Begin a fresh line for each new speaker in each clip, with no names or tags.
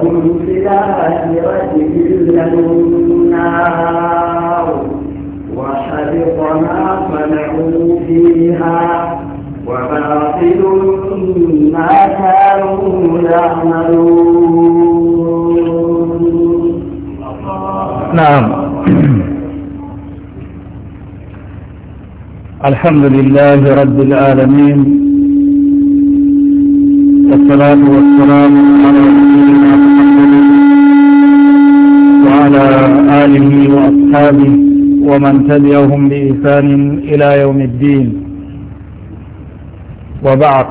إلا النار ما فيها وباطل ما كانوا يعملون نعم
الحمد لله رب العالمين والصلاة والسلام على آله وأصحابه ومن تبعهم بإحسان إلى يوم الدين وبعد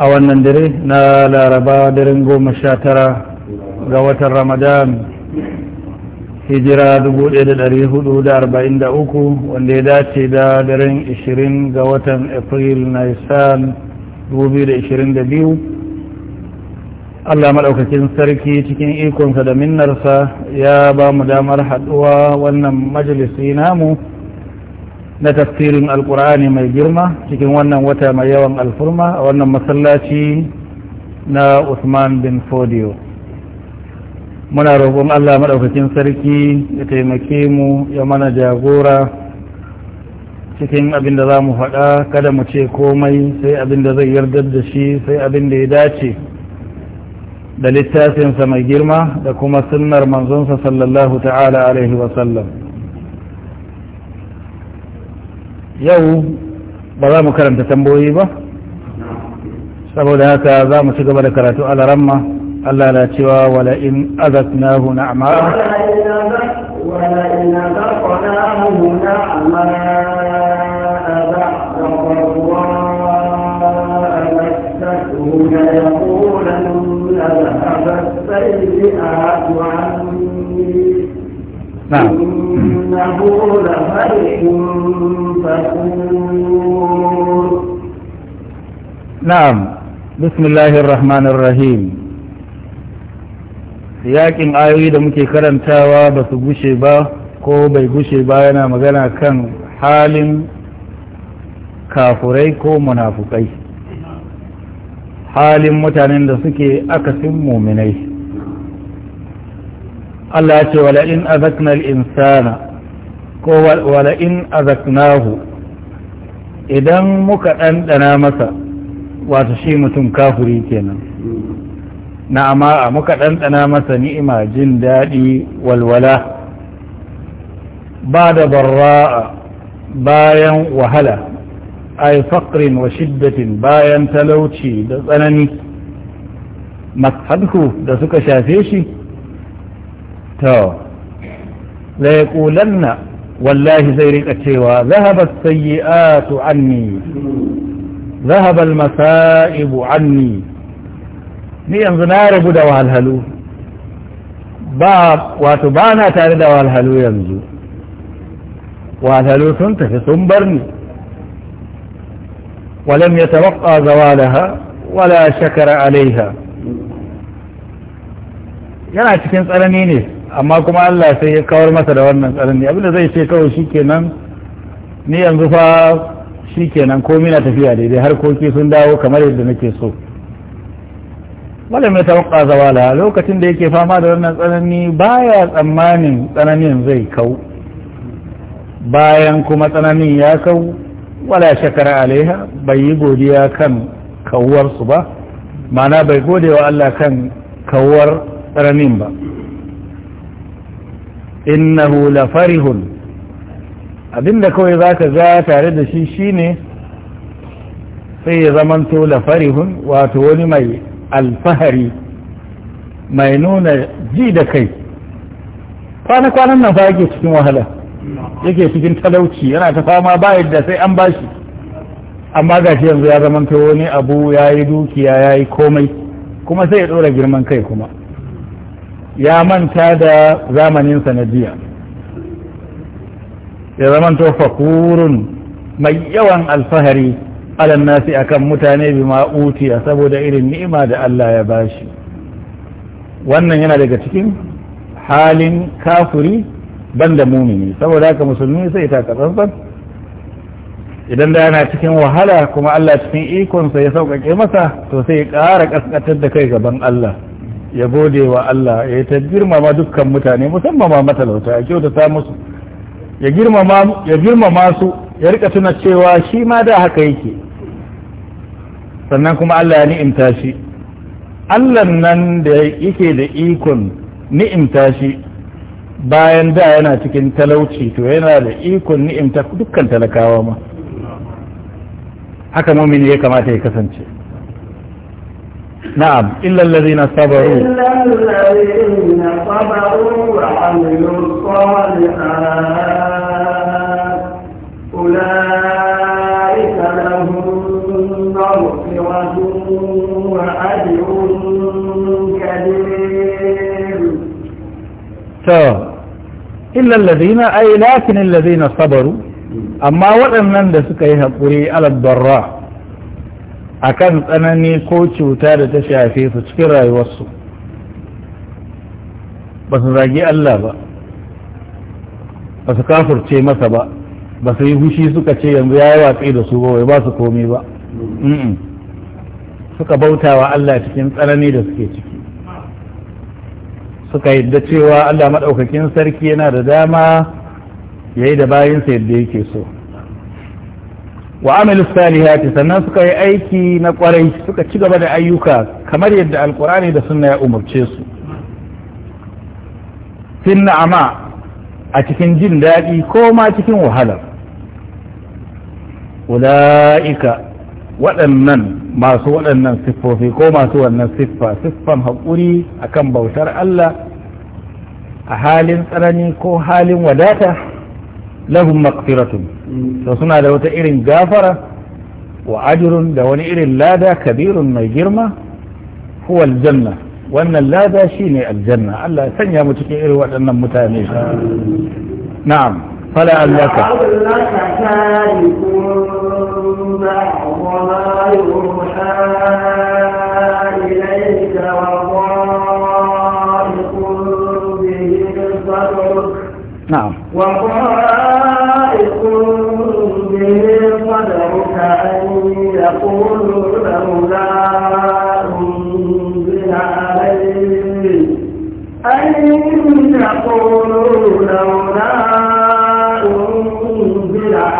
أولا ندري نالا ربا درنقو مشاترة قوة رمضان hijira 1443 wanda ya dace da daren 20 ga watan april na isan 2022 Allah maɗaukakin sarki cikin ikonsa da minnarsa ya ba mu damar haɗuwa wannan majalisi namu na tafsirin alkur'ani mai girma cikin wannan wata mai yawan alfurma a wannan masallaci na Usman bin Fodio. Muna roƙon Allah maɗaukakin sarki ya taimake mu ya mana jagora cikin abin da za mu faɗa kada mu ce komai sai abin da zai yardar da shi sai abin da ya dace. da littafinsa mai girma da kuma sunnar manzonsa sallallahu ta'ala alaihi wasallam yau ba za mu karanta tambayoyi ba saboda haka za mu ci gaba da karatu alaramma Allah na cewa wala in azatnahu na'ama
ولئن أذقناه نعماء بعد ضراء
مسته ليقول Na'am. عني
نعم yakin ayoyi da muke karantawa ba su gushe ba ko bai gushe ba yana magana kan halin kafurai ko munafukai halin mutanen da suke akasin muminai Allah ya ce wala'in azakna insana ko wala'in azaknahu idan muka ɗanɗana masa wato shi mutum kafuri kenan na amma muka ɗanɗana masa ni'ima jin daɗi walwala ba da barra'a bayan wahala اي فقر وشدة باين تلوتشي دزناني مكحدكو دسوك شافيشي تو لا يقولن والله زيريك اتشيوا ذهب السيئات عني ذهب المسائب عني ني انزنار بدو هالهلو با واتبانا تاردو هالهلو ينزو وهذا لو سنت في سنبرني ولم يتوقع زوالها ولا شكر عليها yana cikin tsanani ne amma kuma Allah sai ya kawar masa da wannan tsanani abinda zai ce kawai shikenan ni yanzu fa shikenan komai na tafiya daidai harkoki sun dawo kamar yadda nake so malam ya tawakka zawala lokacin da yake fama da wannan tsanani baya tsammanin tsananin zai kau bayan kuma tsananin ya kau wala shakara alaiha bai yi godiya kan kawuwarsu ba mana bai gode wa Allah kan kawuwar ranin ba innahu la farihun abinda kawai za ka ga tare da shi shine sai ya zamanto la farihun wato wani mai alfahari mai nuna ji da kai kwana-kwanan nan fa cikin wahala yake cikin talauci yana ta fama ba yadda sai an bashi amma ga shi yanzu ya zamanta wani abu ya yi dukiya ya yi komai kuma sai ya ɗora girman kai kuma ya manta da zamanin sanadiyya ya to fakurun mai yawan alfahari alan nasi akan mutane bi ma'utiya saboda irin ni'ima da Allah ya bashi wannan yana daga cikin halin kafuri banda mumini saboda haka musulmi sai ta tsantsan idan da yana cikin wahala kuma Allah cikin ikonsa ya sauƙaƙe masa to sai ya ƙara kaskatar da kai gaban Allah ya gode wa Allah ya ta girmama dukkan mutane musamman ma matalauta ya kyautata musu ya girmama su ya rika tuna cewa shi ma da haka yake sannan kuma Allah ya ni'imta shi Allah nan da yake da ikon ni'imta shi bayan da yana cikin talauci to yana da ikon ni'imta dukkan talakawa ma haka mumini ya kamata ya kasance na'am illa allazina sabaru
illa na sabaru wa amilus salihat ulaika lahum maghfiratun wa ajrun kabeer
to illa allazina ay lakin allazina sabaru amma waɗannan da suka yi haƙuri alal akan tsanani ko cuta da ta shafe su cikin rayuwarsu ba su zagi Allah ba ba su kafurce masa ba ba su yi hushi suka ce yanzu ya yi watsi da su ba wai ba su komi ba suka bautawa Allah cikin tsanani da suke ciki suka yadda cewa Allah maɗaukakin sarki yana da dama ya yi da bayansa yadda yake so wa amilu salihati sannan suka yi aiki na kwarai suka ci gaba da ayyuka kamar yadda alkurani da sunna ya umarce su Sin na'ama a cikin jin daɗi ko ma cikin wahala ulaika waɗannan masu waɗannan siffofi ko masu wannan siffa siffan haƙuri akan bautar Allah a halin tsanani ko halin wadata lahum maqfiratun to suna da wata irin gafara wa ajrun da wani irin lada kabirun mai girma huwa aljanna wannan lada shine aljanna Allah ya sanya mu cikin irin waɗannan mutane na'am فلعلك
نعم
وقائق به صدرك أن يقولوا لولا أنزل عليه أن يقولوا لولا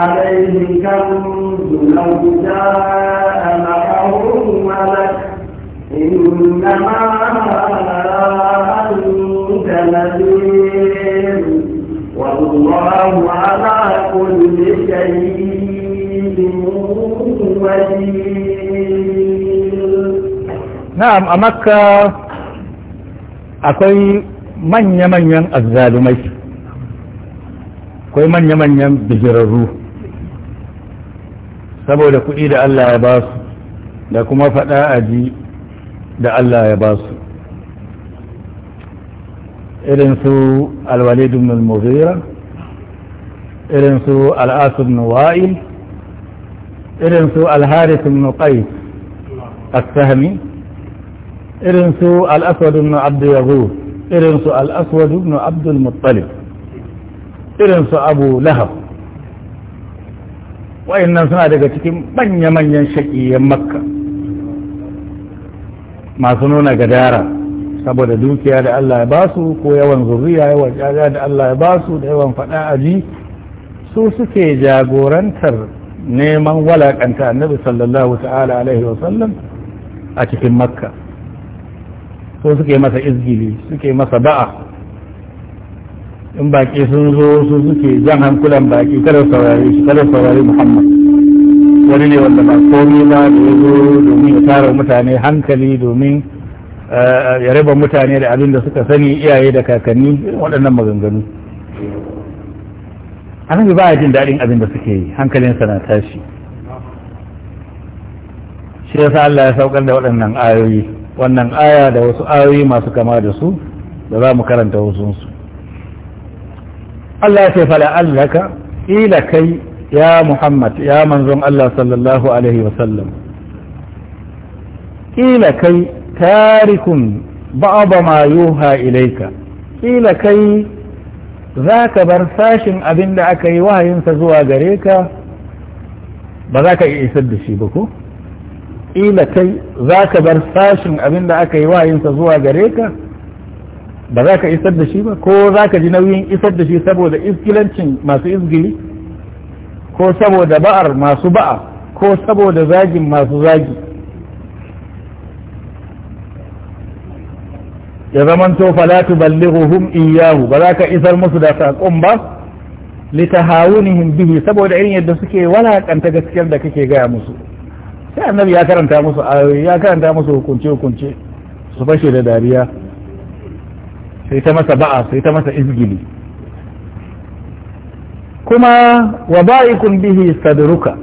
عليه كنز لو جاء معه ملك إنما أنت نذير والله على كل شيء
نعم أمكة أكوي manya-manyan azzalumai akwai manya-manyan bijirarru saboda kuɗi da Allah ya ba su da kuma faɗa aji da Allah ya ba su irin su alwalid ibn al-mughira irin su al-as ibn wa'il irin su al-harith ibn qais as-sahmi irin su al-aswad ibn irin su al-aswad ibn irin su abu lahab nan suna daga cikin manya-manyan shaƙiyyar makka masu nuna gadara saboda dukiya da Allah ya basu ko yawan zurriya yawan jaja da Allah ya basu da yawan faɗa a ji su suke jagorantar neman walakanta annabi sallallahu ta'ala alaihi wa sallam a cikin makka suke masa izgili suke masa ba'a in baki sun zo su suke jan hankulan baki kada saurari shi kada saurari muhammad wani ne wanda ba komi ba da ya zo domin ya tara mutane hankali domin eh, ya raba mutane da abin da suka sani iyaye da kakanni waɗannan maganganu annabi ba jin daɗin abin da suke yi hankalinsa na tashi shi ya sa Allah ya saukar da waɗannan ayoyi wannan aya da wasu ayoyi masu kama da su da za mu karanta wasunsu Allah ya ce fala ila kai ya Muhammad ya manzon Allah sallallahu alaihi wasallam ila kai tarikun ba'aba ma yuha ilaika ila kai za ka bar sashin abin da aka yi wahayinsa zuwa gare ka ba za ka iya isar da shi ba ko ila kai za ka bar sashin abin da aka yi wahayinsa zuwa gare ka ba za ka isar da shi ba ko za ka ji nauyin isar da shi saboda iskilancin masu izgili ko saboda ba'ar masu ba'a ko saboda zagin masu zagi ya zamanto falatu ballighuhum iyyahu ba za ka isar musu da sakon ba tahawunihim bihi saboda irin yadda suke walakanta gaskiyar da kake gaya musu sai annabi ya karanta musu ayoyi ya karanta musu hukunce hukunce su fashe da dariya sai ta masa ba'a sai ta masa izgili kuma wa ba'ikun bihi sadruka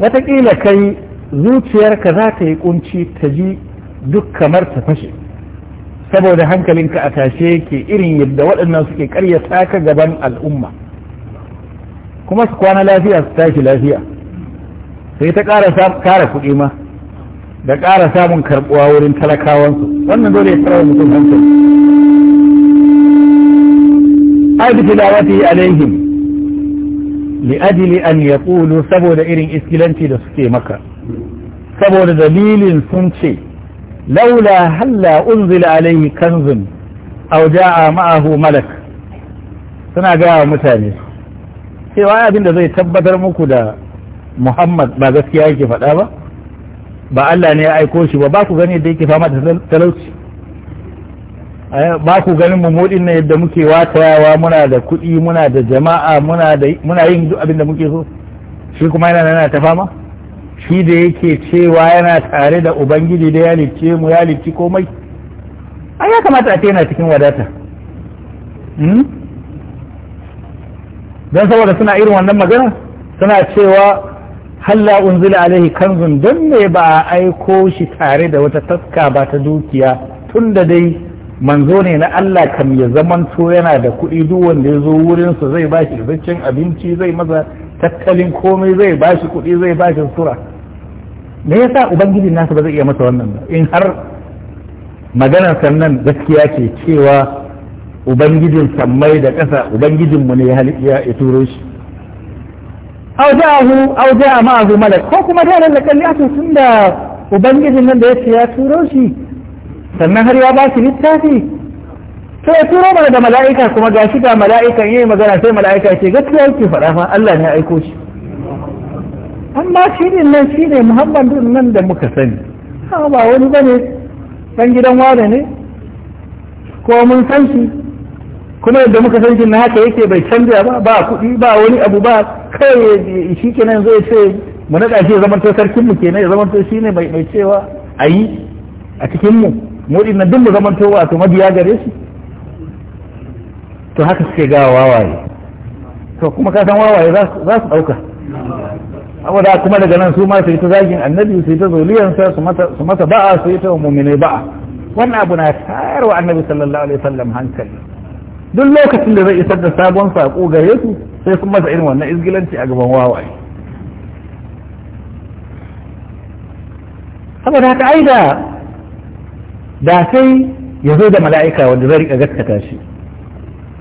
watakila kai zuciyarka za ta yi kunci ta ji duk kamar ta fashe saboda hankalinka a tashe ke irin yadda waɗannan suke karya taka gaban al'umma kuma su kwana lafiya su tashi lafiya sai ta ƙara kuɗi ma da ƙara samun karɓuwa wurin talakawansu wannan dole ya tsara mutum hankali aji tilawati alaihim li ajli ya yaqulu saboda irin iskilanci da suke maka saboda dalilin sun ce laula halla unzila alaihi kanzun aw jaa ma'ahu malak suna ga mutane cewa abin da zai tabbatar muku da Muhammad ba gaskiya yake faɗa ba ba Allah ne ya aiko shi ba ba ku gani yadda yake fama da talauci ba ku ganin mu mudin ne yadda muke watayawa muna da kuɗi muna da jama'a muna da muna yin duk abin da muke so shi kuma yana nana ta fama shi da yake cewa yana tare da ubangiji da ya lice mu ya halicci komai ai ya kamata a ce yana cikin wadata hmm? don saboda suna irin wannan magana suna cewa halla unzila alaihi kanzun don me ba a aiko shi tare da wata taska ba ta dukiya tun da dai manzo ne na Allah kam ya zamanto yana da kuɗi duk wanda ya zo wurinsa zai ba shi zaccen abinci zai masa tattalin komai zai ba shi kuɗi zai ba shi sura me yasa ubangiji nasa ba zai iya masa wannan ba in har maganar sannan gaskiya ce cewa ubangijin sammai da ƙasa ubangijinmu ne ya turo shi aw ja'ahu aw ja'a malak ko kuma dai Allah kalli a da ubangijin nan da ya turo shi sannan har ya ba shi littafi to ya turo mana da mala'ika kuma ga shi da mala'ika yayi magana sai mala'ika ce gaskiya yake faɗa fa Allah ne ya aiko shi amma shi ne nan shi ne Muhammadu nan da muka sani ba wani bane dan gidan wane ne ko mun san shi kuma yadda muka san jin na haka yake bai canja ba ba kuɗi ba wani abu ba kai shi kenan zai ce mu naɗa shi ya zamanto sarkin mu kenan ya zamanto shi ne mai cewa a yi a cikin mu mu ɗin nan duk mu zamanto wato mabiya gare shi to haka suke gawa wawaye to kuma ka san wawaye za su ɗauka saboda kuma daga nan su ma su yi ta zagin annabi su yi ta zoliyansa su masa ba'a su yi ta mummune ba'a wannan abu na tayarwa annabi sallallahu alaihi wasallam hankali duk lokacin da zai isar da sabon saƙo gare su sai sun masa irin wannan izgilanci a gaban wawaye saboda haka ai da da sai ya zo da mala'ika wanda zai rika gaskata shi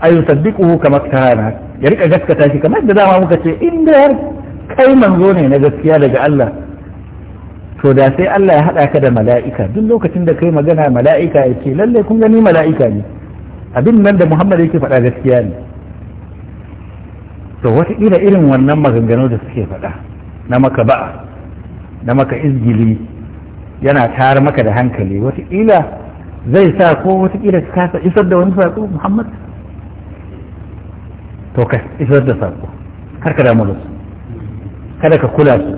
a yi saddiƙuhu kamar kana ya rika gaskata shi kamar da dama muka ce inda har kai manzo ne na gaskiya daga Allah to da sai Allah ya haɗa ka da mala'ika duk lokacin da kai magana mala'ika ya ce lallai kun gani mala'ika ne abin nan da muhammad yake faɗa gaskiya ne to wataƙila irin wannan maganganu da suke faɗa na maka ba'a na maka izgili yana tayar maka da hankali wataƙila zai sa ko wataƙila ka kasa isar da wani saƙo muhammad to ka isar da saƙo kar ka damu da su kada ka kula su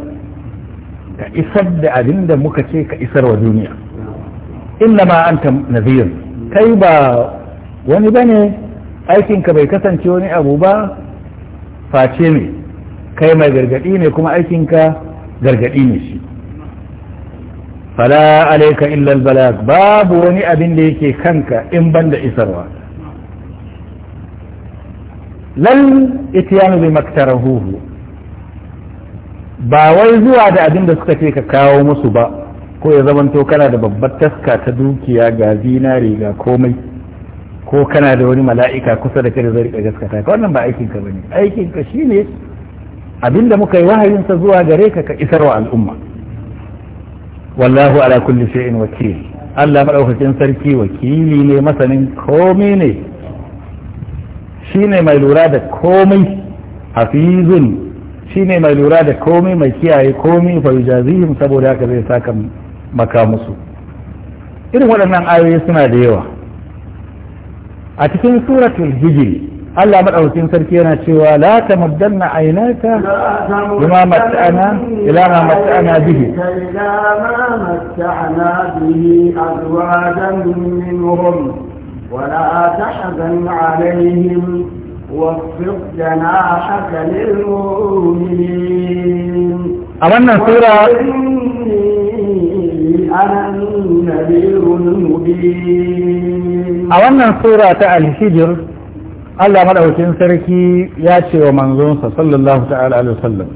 ka isar da abin da muka ce ka isar wa duniya inna ma anta nazir kai ba wani ba ne aikinka bai kasance wani abu ba face ne kai mai gargadi ne kuma aikinka gargadi ne shi fala alaika illa babu wani abin da yake kanka in banda isarwa lal itiyanu bi maktarahuhu ba wai zuwa da abin da suka ce ka kawo musu ba ko ya zamanto kana da babbar taska ta dukiya ga zinari ga komai ko kana da wani mala'ika kusa da kare zai gaskata ka wannan ba aikin ka bane aikin ka shine abinda muka yi wahayin sa zuwa gare ka ka isarwa al'umma wallahu ala kulli shay'in wakil Allah madaukakin sarki wakili ne masanin komai ne shine mai lura da komai hafizun shine mai lura da komai mai kiyaye komai fa yujazihim saboda haka zai saka maka musu irin waɗannan ayoyi suna da yawa a cikin suratul hijri Allah madaukakin sarki yana cewa la tamuddanna aynaka bima mat'ana ila ma mat'ana bihi
ila ma mat'ana bihi azwajan minhum ولا تحزن عليهم واخفض جناحك للمؤمنين أمنا سورة a
wannan sura ta alhijir Allah maɗaukin sarki ya ce wa manzonsa sallallahu ta'ala alaihi wasallam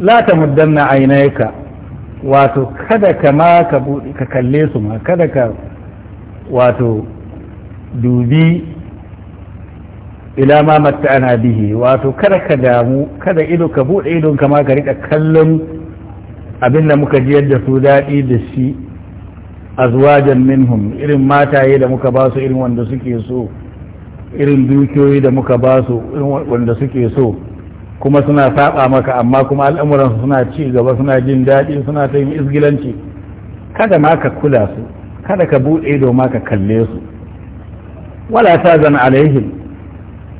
la tamuddanna aynayka wato kada ka ma ka ka kalle su ma kada ka wato dubi ila ma matta'ana bihi wato kada ka damu kada ido ka buɗe idon ka ma ka riƙa kallon Abin da muka ji yadda su daɗi da shi azwajan minhum irin mataye da muka ba su irin wanda suke so irin dukiyoyi da muka ba su irin wanda suke so kuma suna saba maka amma kuma al'amuransu suna ci gaba suna jin daɗi suna ta yin izgilanci kada ma ka kula su kada ka buɗe ido ma ka kalle su wala ta zan alaihim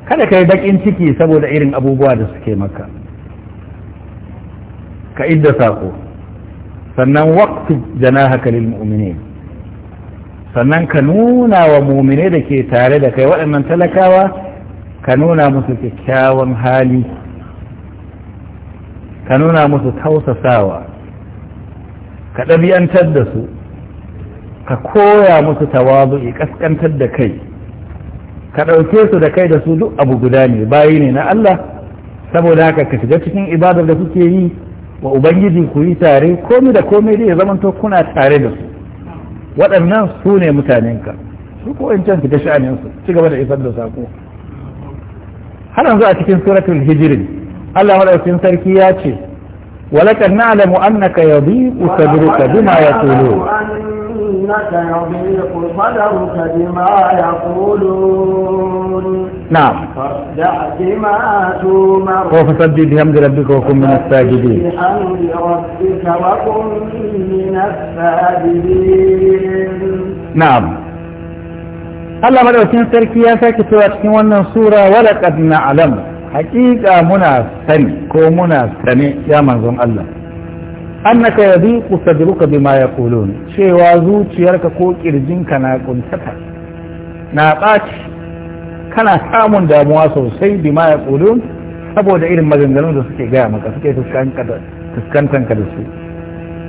kada ka yi baƙin ciki saboda irin abubuwa da suke maka ka idda saƙo sannan waqtu janahaka lil sannan ka nuna wa mumine da ke tare da kai waɗannan talakawa ka nuna musu kyakkyawan hali ka nuna musu tausasawa ka ɗabi'antar da su ka koya musu tawazu'i ƙasƙantar da kai ka ɗauke su da kai da su duk abu guda ne bayi ne na Allah saboda haka ka shiga cikin ibadar da suke yi wa ubangiji ku yi tare komai da komai dai ya zamanto kuna tare da su waɗannan su ne mutanenka su ko in can fita sha'aninsu ci gaba da isar da sako har yanzu a cikin suratul hijirin Allah madaukakin sarki ya ce ولكن نعلم أنك يضيق صدرك بما يقولون
أنك يضيق بما يقولون نعم فاصدع بما تؤمر ربك وكن من الساجدين وكن من الساجدين
نعم الله مدعوكين سركي يا ساكت واتكين وانا سورة ولقد نعلم hakika muna sani ko muna sane ya manzon Allah annaka yadiqu sadruka bima yaqulun cewa zuciyarka ko kirjinka na kuntata na ɓaci kana samun damuwa sosai bima yaqulun saboda irin maganganun da suke gaya maka suke fuskantar ka da su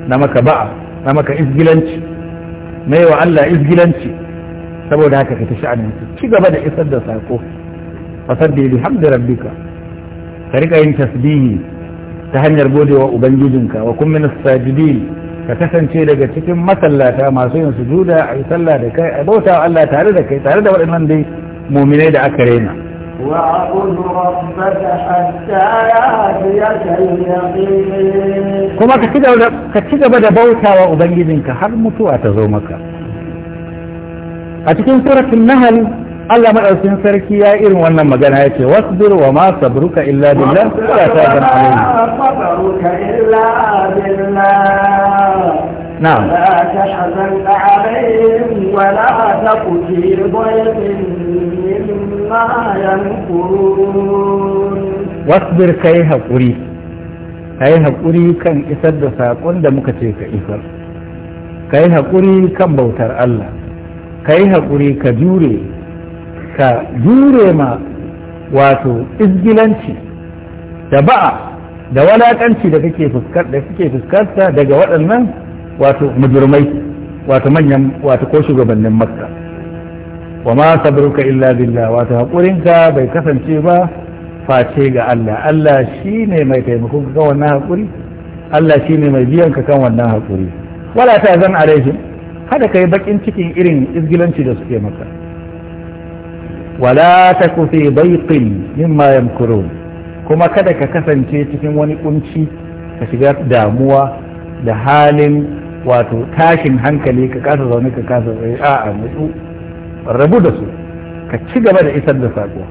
na maka ba'a na maka izgilanci mai wa Allah izgilanci saboda haka ka ta sha'anin ci gaba da isar da sako فصدق بحمد ربك فريق أين تسبيه تهنر بودي وبنجدنك وكن من الساجدين فتسن شيء لك تكن مثلا ما سين سجودا يصلى لك أبوتا ألا تاردك تارد وإنمان دي مؤمنين أكرينا kuma حتى ci اليقين. da bautawa ubangijinka har mutuwa ta zo maka a cikin suratul nahl Allah maɗaukin sarki ya irin wannan magana ya ce wasu duru wa ma sabruka illa billah ya ta zan alayhi. Wa
ma
sabruka illa billah. Na. ta hazan ta alayhim wa la ta kuki boyatin min ma yan kuru.
Wasu kai haƙuri. kan isar da saƙon da muka ce ka isar. Kai haƙuri kan bautar Allah. Kai haƙuri ka jure ka jure ma wato izgilanci da ba'a da walakanci da kake fuskanta daga waɗannan wato mujurmai wato manyan wato ko shugabannin makka wa ma sabruka illa billah wato haƙurinka bai kasance ba face ga Allah Allah shine mai taimakon ka wannan haƙuri Allah shine mai biyan ka kan wannan haƙuri wala ta zan alaihim kada kai bakin cikin irin izgilanci da suke maka wala taku fi dayqin mimma yamkurun kuma kada ka kasance cikin wani kunci ka shiga damuwa da halin wato tashin hankali ka kasa zaune ka kasa a a'a mutu rabu da su ka ci gaba da isar da saƙo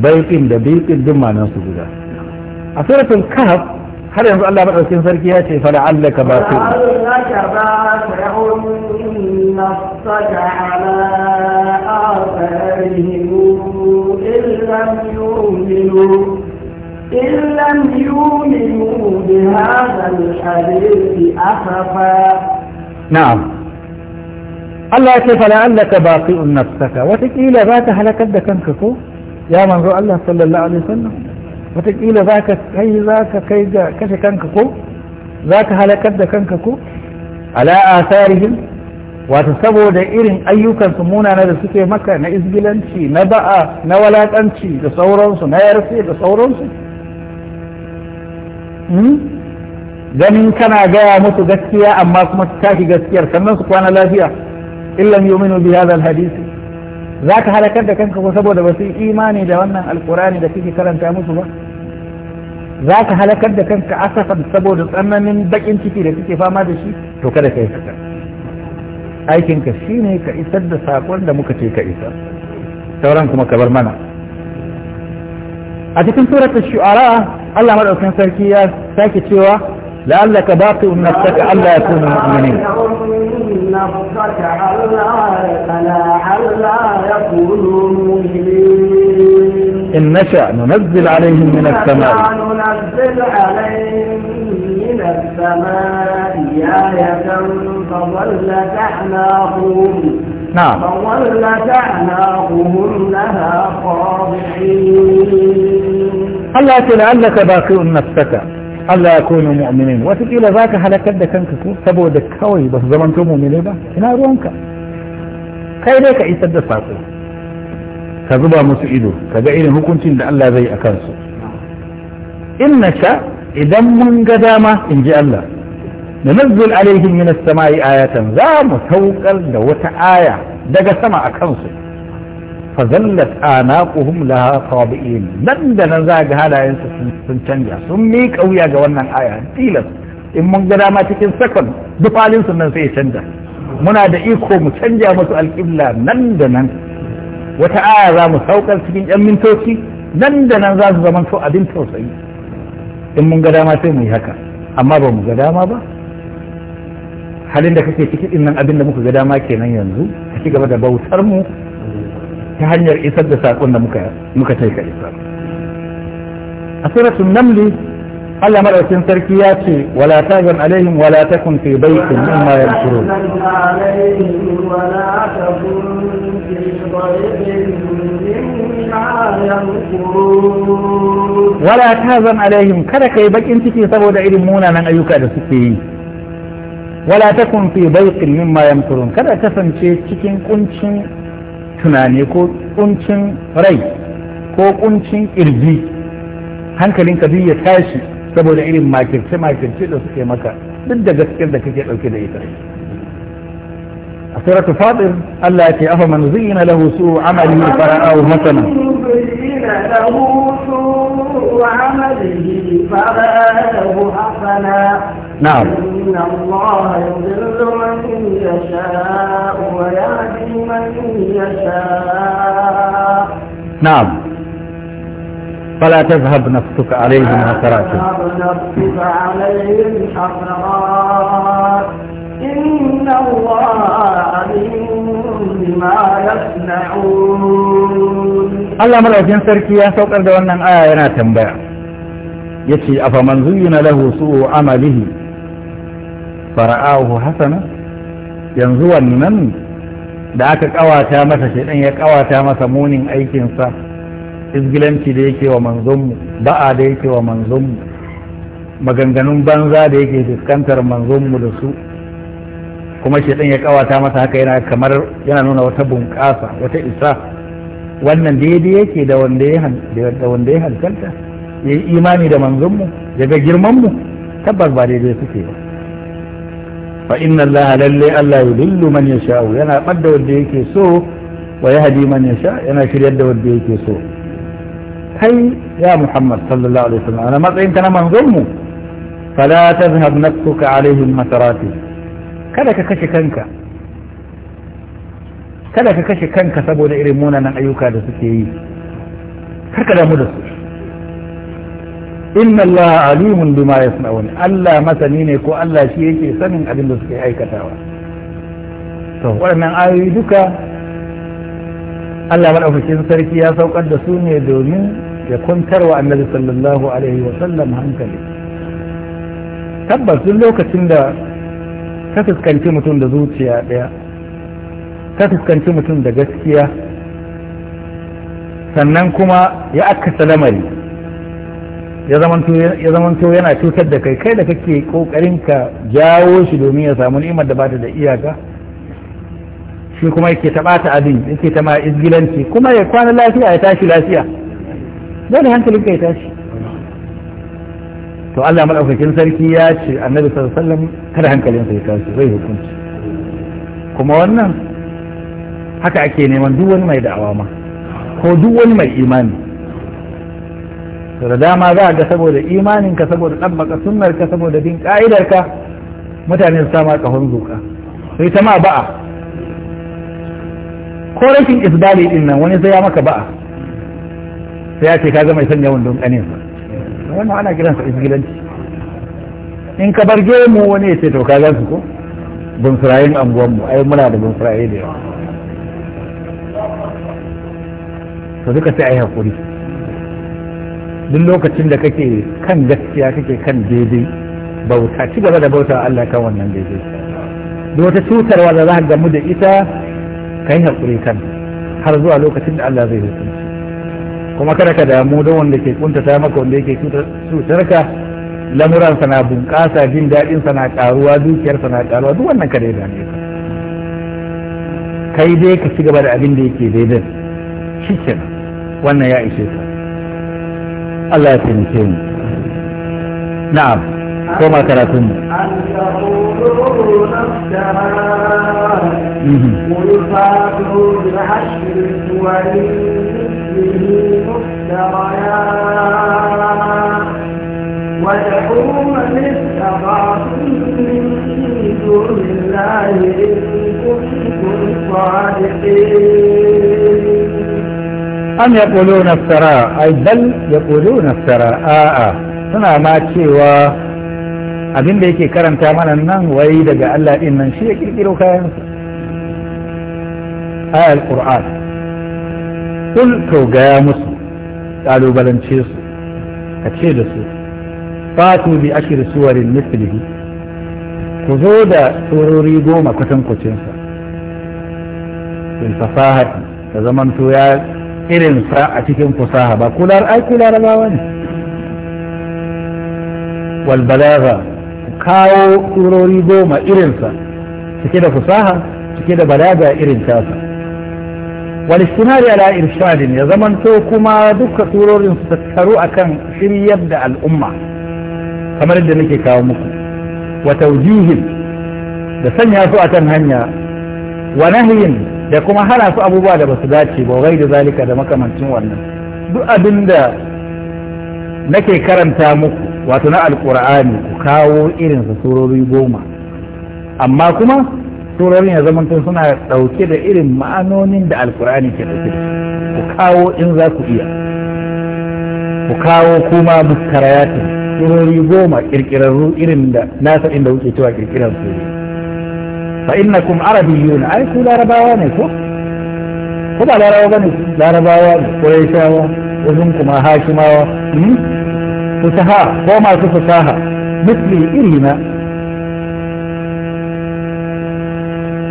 baiƙin da baiƙin din manan su guda a suratul kahf har yanzu Allah madaukakin sarki ya ce fala allaka ba ta
آثارهم إن لم يؤمنوا بهذا الحديث
نعم ka halakar da kanka ko ya manzo Allah halakar da kanka Wata saboda irin ayyukansu munana da suke maka na izgilanci na ba'a na walaƙanci da sauransu na yarfe da sauransu hmm? ganin kana gaya musu gaskiya amma kuma tafi gaskiyar sannan su kwana lafiya illan yuminu bi hadha alhadith zaka halakar da kanka ko saboda ba su imani da wannan alqurani da kike karanta musu ba zaka halakar da kanka asafan saboda tsananin bakin ciki da kike fama da shi to kada kai saka aikinka shine ka isar da sakon da muka ce ka isa sauran kuma ka bar mana a cikin surat shu'ara Allah madaukakin sarki ya sake cewa la'allaka baqi'un nafsaka Allah yakunu mu'minin إن نشأ ننزل عليهم من السماء ننزل
عليهم السماء آية فظل تحناهم نعم فظل تحناهم لها خاضعين
الله يأتي لعلك باقي نفسك ألا يكون مؤمنين وتجي إلى ذاك هلك عندك أنك تقول تبو دك هوي بس زمن تومو مليبا هنا رونك كيليك إيسد ساقو كذبا مسئدو كذعين هو كنت إن ألا ذي أكنسو نعم. إنك idan mun ga dama in ji Allah da nazzul alaihim min as-sama'i ayatan za mu saukar da wata aya daga sama a kansu fa zallat anaquhum laha qabi'in nan da nan za ga halayen su sun canja sun mi kauya ga wannan aya tilas in mun ga dama cikin sakon duk halin su nan sai canja muna da iko mu canja musu alƙibla nan da nan wata aya za mu saukar cikin 'yan mintoci nan da nan za su zamanto abin tausayi in mun ga dama sai mu yi haka amma ba mu ga dama ba halin da kake ciki din abin da muka ga dama kenan yanzu a ci gaba da bautar mu ta hanyar isar da sakon da muka muka kai ka isar a suratul naml Allah madaukin sarki ya ce wala tagan alaihim wala takun fi baitin mimma yamkurun
alaihim wala takun fi wala
tazan alaihim kada yi bakin ciki saboda irin munanan ayyuka da suke yi wala takun fi dayqin mimma yamkurun kada kasance cikin kuncin tunani ko kuncin rai ko kuncin kirji hankalin ka ya tashi saboda irin makirce makirce da suke maka duk da gaskiyar da kake dauke da ita سورة فاطر الله يتي أفمن زين له سوء عمله فرآه حسنا
زين له سوء عمله فرآه حسنا نعم إن الله يضل من يشاء ويهدي من يشاء
نعم فلا تذهب نفسك عليهم حسرات فلا تذهب
نفسك عليهم حسرات إن الله عليم بما يصنعون
الله
wannan سركي يا tambaya yace a آية أنا تنبع يتشي أفمن زين له سوء عمله فرآه حسنا da aka kawata masa shaidan ya kawata masa munin aikinsa izgilanci da yake wa manzonmu ba'a da yake wa manzonmu maganganun banza da yake fuskantar manzonmu da su kuma shedan ya kawata masa haka yana kamar yana nuna wata bunƙasa wata isa wannan daidai yake da wanda ya da wanda ya hankalta ya yi imani da manzon mu ya ga girman mu tabbas ba daidai suke ba fa inna allaha lalle allah yudillu man yasha'u yana badda wanda yake so wa yahdi man yasha yana shiryar da wanda yake so kai ya muhammad sallallahu alaihi wasallam ana matsayin ka na manzon mu fala tazhab nafsuka alaihim matarati kada ka kashe kanka kada ka kashe kanka saboda irin munanan ayyuka da suke yi kar ka damu da su inna Allah alimun bima yasnaun Allah masani ne ko Allah shi yake sanin abin da suke aikatawa to waɗannan ayoyi duka Allah madaukakin sarki ya saukar da su ne domin ya kwantarwa annabi sallallahu alaihi wa sallam hankali tabbas duk lokacin da ka fuskanci mutum da zuciya ɗaya ka fuskanci mutum da gaskiya sannan kuma ya akasa lamari ya zamanto yana cutar da kai kai da kake kokarin ka jawo shi domin ya samu ni'imar da bata da iyaka shi kuma yake ta bata abin yake ta ma izgilanci kuma ya kwana lafiya ya tashi lafiya dole hankalin ka ya tashi to Allah madaukakin sarki ya ce annabi sallallahu alaihi wasallam kada hankalinsa ya tashi zai hukunci kuma wannan haka ake neman duk wani mai da'awa ma ko duk wani mai imani da dama za ga saboda imaninka saboda ɗabbaka ka saboda bin ka mutane su sama kahon zuka sai ta ma ba'a ko rashin isbali ɗin nan wani sai ya maka ba'a sai ya ce ka ga mai sanya wundun sa wannan ana kiransa isgilanci in ka barge gemu wani ya ce to ka gansu ko bunsurayen anguwanmu ai muna da bunsuraye da yawa to duka sai ai hakuri duk lokacin da kake kan gaskiya kake kan daidai bauta ci gaba da bauta Allah kan wannan daidai duk wata cutarwa da za ka gamu da ita ka yi hakuri kan har zuwa lokacin da Allah zai hukunta kuma kada ka damu da wanda ke ta maka wanda yake cutar ka lamuransa na bunƙasa jin daɗinsa na ƙaruwa dukiyarsa na ƙaruwa duk wannan kada ya dame ka kai dai ka ci gaba da abin da yake daidai shi kenan wannan ya ishe ka Allah ya taimake mu na'am ko ma karatun mu
قل mhm. فاتوا به مفتريات ودعوا من استطعتم من دون الله إن كنتم صادقين
أم يقولون افتراء أي بل يقولون افتراء آآ suna ma cewa abin da yake karanta mana nan wai daga Allah ɗin nan shi ya ƙirƙiro kayansa ayar Qur'an kul to gaya musu kalubalance su ka ce da su fatu bi ashir suwarin mislihi ku zo da tsorori goma kwatankwacinsa bil fasahati ta zamanto ya irin sa a cikin fasaha ba kular ai kular ba ne wal balaga kawo tsorori goma irinsa cike da fasaha cike da balaga irin tasa wal istimari ala irshadin ya zamanto kuma duka surorin su tattaru akan shiryar da al'umma kamar da nake kawo muku wa taujihin da sanya su akan hanya wa nahyin da kuma hana su abubuwa da basu dace ba wai da zalika da makamancin wannan duk abinda nake karanta muku wato na alqur'ani ku kawo irin su surori goma amma kuma surorin ya zamanto suna ɗauke da irin ma'anonin da alkur'ani ke ɗauke ku kawo in za ku iya ku kawo kuma muskarayatin surori goma ƙirƙirarru irin da nasa inda wuce cewa ƙirƙirar su fa kum arabiyyuna ai ku larabawa ne ko ko ba larabawa ne larabawa ne qurayshawa wasun kuma hashimawa ta hmm? ha ko masu fasaha misli irina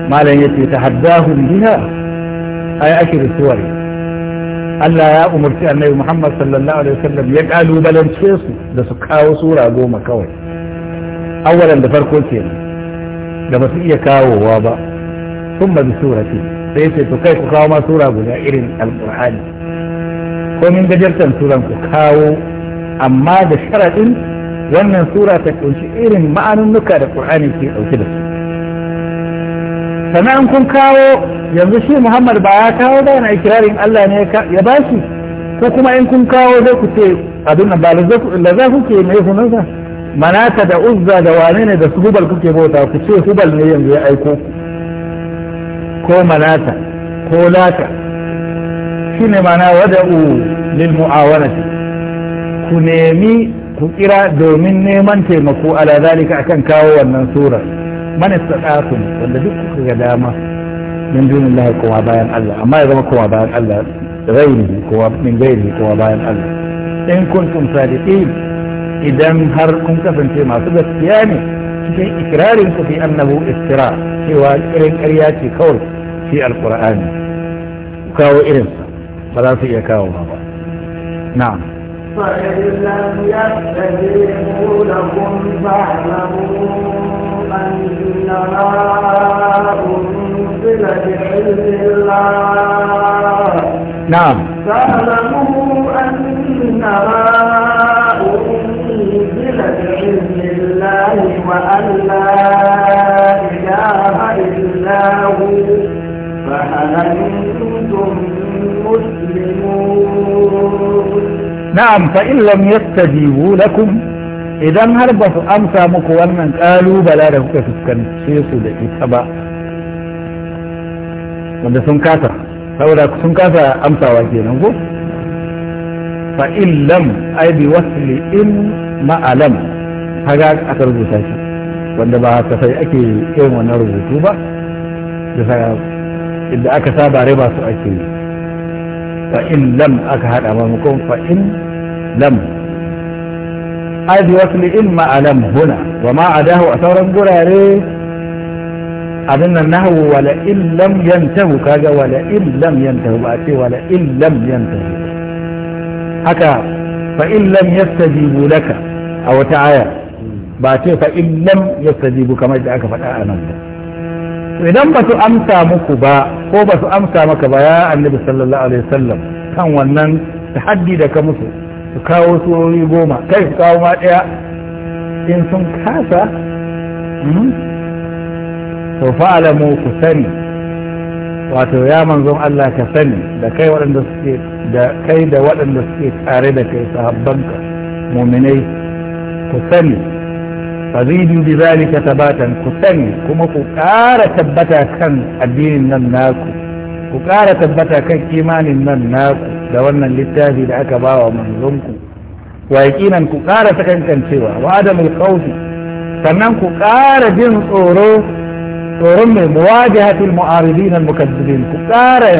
malam yace tahaddahum biha ay akhiru suwari Allah ya umarci annabi Muhammad sallallahu alaihi wasallam ya kalubalance su da su kawo sura goma kawai awalan da farko ce da ba su iya kawowa ba sun ba sura ce sai ce to kai ku kawo ma sura guda irin alqur'ani ko min gajartan suran ku kawo amma da sharadin wannan sura ta kunshi irin ma'anunnuka da qur'ani ke dauke da su sannan kun kawo yanzu shi muhammad ba ya kawo da yana ikirarin Allah ne ya ba shi ko kuma in kun kawo zai ku ce abin nan ba da za ku ke mai sunansa manata da uzza da wane ne da su hubal kuke bauta ku ce hubal ne yanzu ya aiko ko manata ko lata shi ne mana u lil mu'awanati ku nemi ku kira domin neman taimako ala zalika akan kawo wannan surar man istata'tum wanda duk kuka ga dama min dunillahi kowa bayan Allah amma ya zama kowa bayan Allah ghairihi kowa min ghairihi kowa bayan Allah in kuntum sadiqin idan har kun kasance masu gaskiya ne cikin ikrarin ku fi annahu istira cewa irin ƙarya ce kawai fi alqur'ani kawo irin ba za su iya kawo ba na'am فإن
لم يستجيبوا لكم فاعلموا الله نعم فاعلموا الله وأن لا إله إلا هو فهل أنتم مسلمون
نعم فإن لم يستجيبوا لكم idan har ba su amsa muku wannan ƙalubala da kuka fuskance su da ita ba wanda sun kasa saboda sun kasa amsawa kenan ko fa in lam ai bi wasli in alam kaga aka rubuta shi wanda ba sai ake irin wannan rubutu ba da inda aka saba ba su ake yi fa in lam aka hada mamakon fa in lam haifi wasu li'in ma'alam huna wa ma'adahu a sauran gurare abin nan nahu wala illam yantahu kaga wala illam yantahu ba ce wala illam yantahu haka fa illam yastajibu laka a wata aya ba ce fa illam yastajibu kamar da aka faɗa a nan ba idan ba su amsa muku ba ko ba su amsa maka ba ya annabi sallallahu alaihi wasallam kan wannan tahaddi da ka musu su kawo surori goma kai su kawo ma ɗaya in sun kasa hmm, to fa'alamu ku sani wato ya manzon Allah ka sani da kai waɗanda suke da kai da waɗanda suke tare da kai sahabbanka muminai ku sani fazidu bi zalika tabatan ku sani kuma ku ƙara tabbata kan addinin nan naku ku ƙara tabbata kan imanin nan naku da wannan littafi da aka ba wa manzonku wa yaqinan ku ƙara sakankancewa wa adamul khawfi sannan ku ƙara jin tsoro tsoron mai muwajahatul mu'aridin al mukazzibin ku ƙara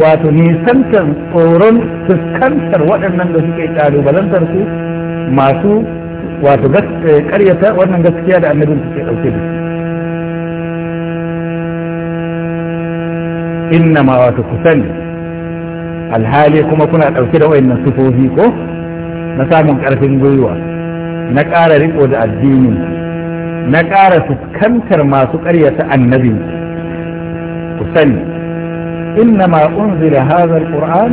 wato nisantar tsoron fuskantar waɗannan da suke ƙalubalantar ku masu wato eh, ƙaryata wannan gaskiya da annabin suke ɗauke da shi إنما وتكسن alhali kuma kuna dauke da wayannan sufofi ko na samun karfin gwiwa na ƙara riko da addini na ƙara fuskantar masu ƙaryata annabi ku sani ma unzila hadha alquran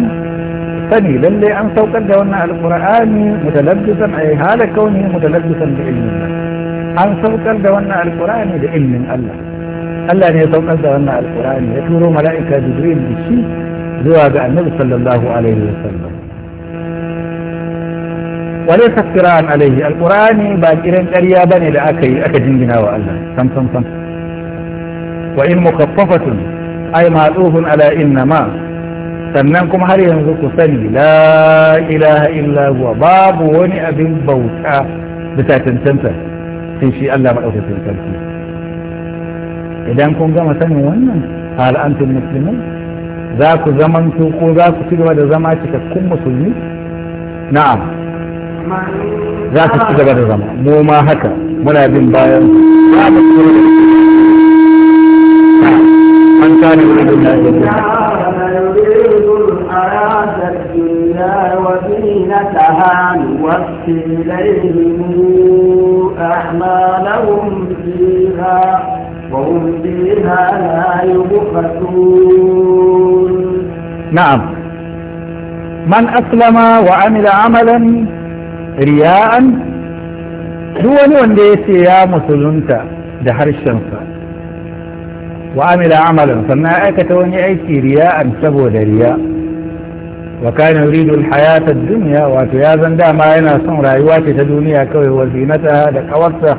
sani lalle an saukar da wannan alqurani mutalabbisan ay hala kauni mutalabbisan da ilmin Allah an saukar da wannan alqurani da ilmin Allah Allah ne ya saukar da wannan alqurani ya turo mala'ika Jibril da shi زواج النبي صلى الله عليه وسلم وليس افتراء عليه القران باجرين اريابا الى اكي اكجن بنا والله سم سم سم وان مخففة اي معلوف على انما سننكم ان ينزق سني لا اله الا هو باب وني ابي بوتا بتاعت انتنفة في شيء الله ما اوفي في اذا انكم قام سني وانا هل انتم مسلمون za ku zamanto ko za ku ci gaba da zama cikakkun musulmi na'am za ku ci gaba da zama mu ma haka muna bin bayan an kare wani da ya
وزينتها نوفي إليهم أعمالهم فيها وهم فيها لا يبخسون
نعم من أسلم وعمل عملا رياء دون وان ديسي يا مسلمت دهر الشمس وعمل عملا فما أكت وان يأيتي رياء سبو رياء وكان يريد الحياة الدنيا واتو يا زندا ما أنا صن رايواتي تدوني كوي وزينتها لك أوصح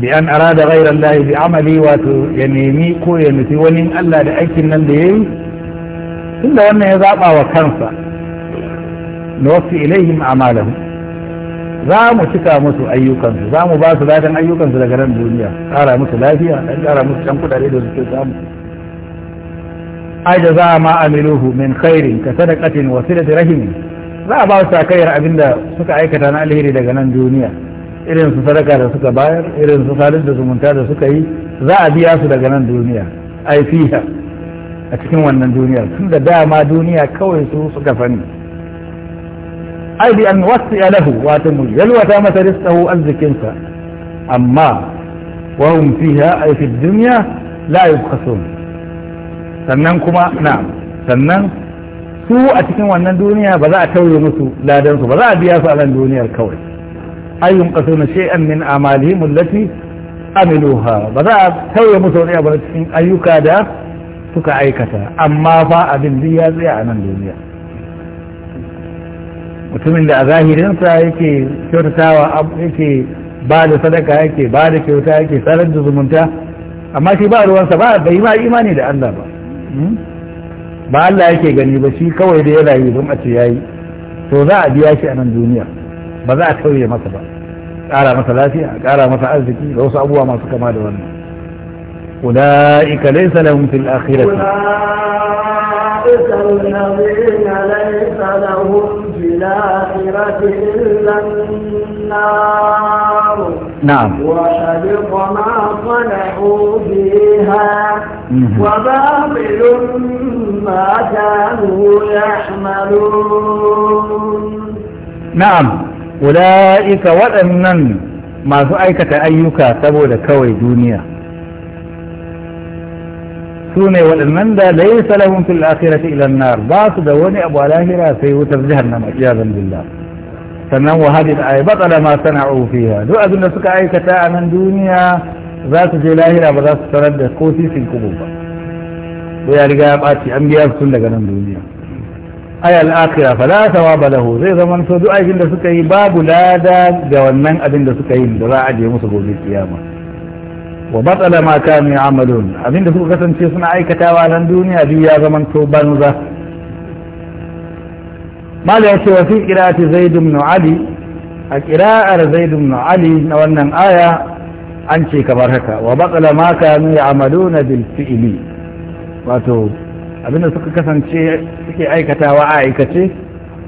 بأن أراد غير الله بعملي واتو ينيمي كوي نتي ونين ألا لأيتي من ديسي tunda wannan ya zaɓa wa kansa na wasu ilaihim amalahu za mu cika musu ayyukansu za mu ba su ladan ayyukansu daga nan duniya ƙara musu lafiya ɗan ƙara musu can kuɗaɗe da suke samu ajaza ma amiluhu min khairin ka sadaqatin wa silati rahim za a ba su takayyar abinda suka aikata na alheri daga nan duniya irin su sadaka da suka bayar irin su salis da zumunta da suka yi za a biya su daga nan duniya ai fiha a cikin wannan duniyar tun da dama duniya kawai su suka sani ai bi an wasu lahu wato mu yalwata masa rizqahu arzikinsa amma wa hum fiha ay fi dunya la yubkhasun sannan kuma na sannan su a cikin wannan duniya ba za a tauye musu ladan su ba za a biya su a nan duniyar kawai ay yunqasuna shay'an min amalihim allati amiluha ba za a tauye musu wani abu cikin ayyuka da suka aikata amma fa abin duk ya tsaya a nan duniya mutumin da a zahirinsa yake kyautatawa yake ba da sadaka yake ba da kyauta yake tsarar da zumunta amma shi ba ruwansa ba bai ma imani da Allah ba hmm? ba Allah yake gani ba shi kawai da yana yi don a ce yayi to za a biya shi a nan duniya ba za a tauye masa ba ƙara masa lafiya ƙara masa arziki da wasu abubuwa masu kama da wannan أولئك ليس لهم في الآخرة أولئك
الذين ليس لهم في الآخرة إلا النار نعم وحبط ما صنعوا فيها وباطل ما كانوا يحملون
نعم أولئك وأنن ما سأيكت أيك تبول كوي دنيا والفتونة والألمندة ليس لهم في الآخرة إلى النار باص دوني أبو الآخرة سيوتف جهنم أجازا لله فمن وهذه الآية بطل ما صنعوا فيها دو أذن نسك أي كتاء من دنيا ذات جلاه لا بدأت ترد كوسي في القبوبة ويا رقاب آتي أنبياء بسن لك من دنيا أي الآخرة فلا ثواب له زي زمن سو دو أي جند سكي باب لا دا جوان من أذن دا سكي دراء عجي بالقيامة wa batsala ma kanu ya'malun abinda suka kasance suna aikatawa nan duniya biyu ya zama to banza mala yace wa fi qira'ati zaid ibn ali a qira'ar zaid ibn ali na wannan aya an ce kamar haka wa batsala ma kanu ya'maluna bil fi'li wato abinda suka kasance suke aikatawa a aikace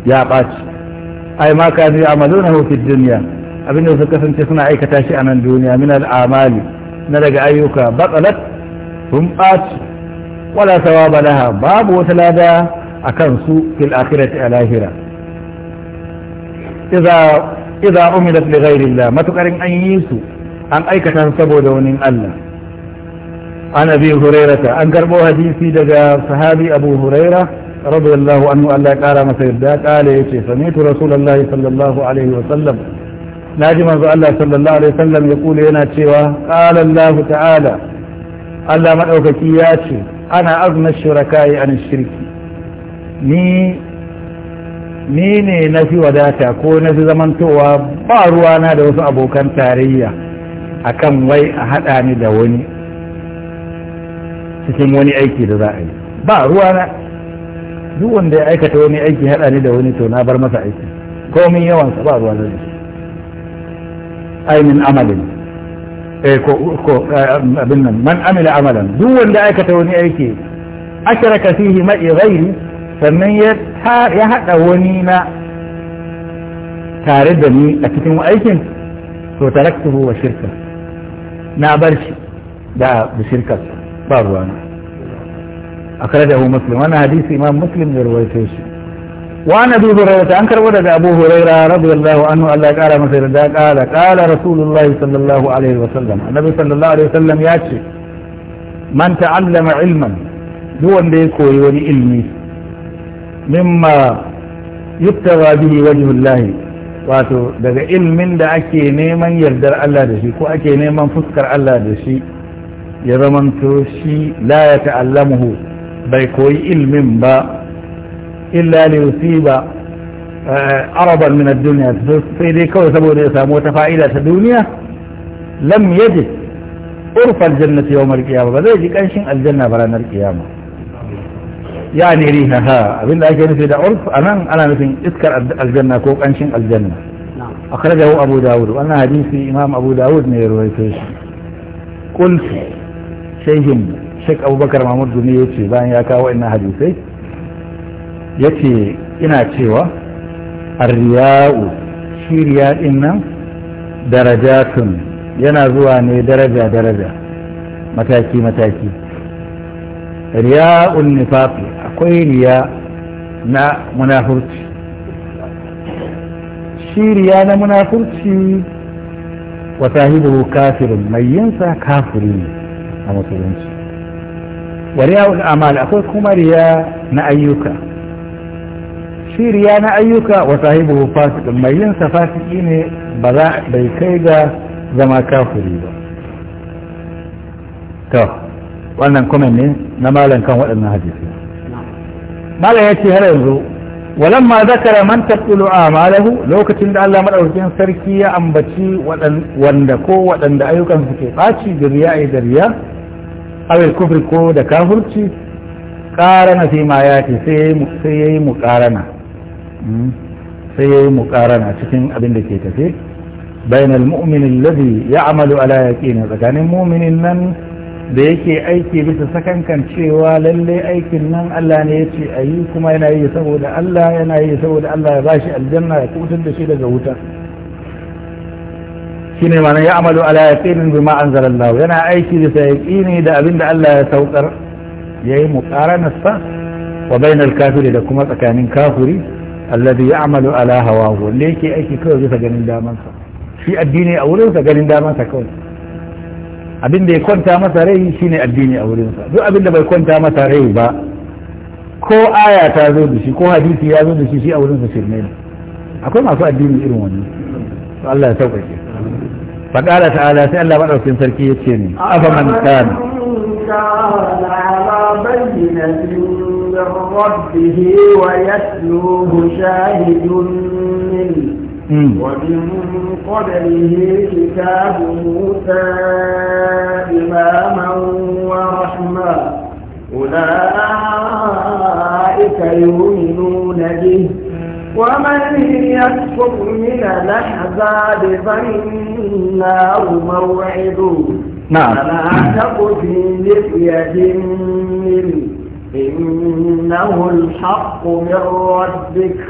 ya ɓaci ai ma kanu ya'maluna fi dunya abinda suka kasance suna aikata shi a nan duniya min al amali na daga ayyuka batsalat sun ɓaci wala sawaba laha babu wata lada a kansu fil akhirati a lahira Iza umilat li ghairillah matukarin an yi su an aikata saboda wani Allah an abi hurairata an karbo hadisi daga sahabi abu huraira radiyallahu anhu Allah ya kara masa yarda kale yace sami'tu rasulullahi sallallahu alaihi wa sallam naji manzo Allah sallallahu alaihi wasallam ya kula yana cewa qala Allah ta'ala Allah madaukaki ya ce ana azna shurakai an shirki ni ni ne na fi wadata ko na fi zamantowa ba ruwa na da wasu abokan tarayya akan wai a haɗa ni da wani cikin wani aiki da za a yi ba ruwa na duk wanda ya aikata wani aiki haɗa ni da wani to na bar masa aiki komin yawansa ba ruwana da shi ai min amalin ko abin nan man amila amalan duk wanda aikata wani aiki ashraka fihi ma'i ghairi sannan ya hada wani na tare da ni a cikin aikin to taraktuhu wa shirka na bar shi da shirkar ba ruwana akhrajahu muslim wannan hadisi imam muslim ya rawaito shi وعن أبي هريرة أنكر ولد أبو هريرة رضي الله عنه الله قال مثل قال قال رسول الله صلى الله عليه وسلم النبي صلى الله عليه وسلم ياتي من تعلم علما دون ديكوي ولي علمي مما يبتغى به وجه الله wato daga ilmin da ake neman yardar Allah da shi ko ake neman fuskar Allah da shi ya zamanto shi la ya ta'allamuhu bai koyi ilmin ba إلا ليصيب آه، أرضا من الدنيا في ذكر سبو الإسلام وتفائلة الدنيا لم يجد عرف الجنة يوم القيامة بذلك يجد أن شيء الجنة فلان القيامة يعني ليها ها أبين لأي كان يفيد أرف أنا أنا مثل إذكر الجنة كوك أن الجنة نعم. أخرجه أبو داود وأنا هديث إمام أبو داود من يروي فيه قلت شيء شك أبو بكر محمود دنيا يتشي بان يا كاو إنا هديثي ya ce ina cewa arriya'u shi riya ɗin darajatun yana zuwa ne daraja-daraja mataki-mataki riya'un nifafi akwai riya na munafurci shi riya na munafurci wa sahibu kafirin mai yinsa kafiri ne a musulunci wa riya'ul amal akwai kuma riya na ayyuka shiriya na ayyuka wa sahibu fasikin mai yin sa fasiki ne ba za bai kai ga zama kafiri ba to wannan kuma ne na malam kan waɗannan hadisi malam ya ce har yanzu ma zakara man tabtulu amalahu lokacin da Allah madaukakin sarki ya ambaci wanda ko waɗanda ayyukan suke ɓaci da riya da riya awil kufri ko da kafirci karana fi ma ya ce sai ya yi mu karana Hmm? sai ya yi muƙarana cikin abin da ke tafe bainal mu'minin ya ya'malu ala yaqin tsakanin mu'minin nan da yake aiki bisa sakankan cewa lalle aikin nan Allah ne ya ce a yi kuma yana yi saboda Allah yana yi saboda Allah ya bashi aljanna ya kutar da shi daga wuta shi ne ma'ana ya amalu ala yaqinin bima anzalallahu yana aiki bisa yaqini da abinda Allah ya saukar yayi muqaranarsa wa bainal kafiri da kuma tsakanin kafiri alladhi ya'malu ala hawahu wanda yake aiki kawai bisa ganin sa shi addini a wurin sa ganin sa kawai abin da ya kwanta masa rai shine addini a wurin sa duk abin da bai kwanta masa rai ba ko aya ta zo da shi ko hadisi ya zo da shi shi a sa shirme ne akwai masu addini irin wani to Allah ya sauƙaƙe faƙala ta'ala sai Allah maɗaukin sarki ya ce ne afa man kana
من ربه ويتلوه شاهد منه ومن قبله كتاب موسى إماما ورحمة أولئك يؤمنون به ومن يكفر من الأحزاب فالنار موعد نعم فلا تك في مرية منه إنه الحق من ربك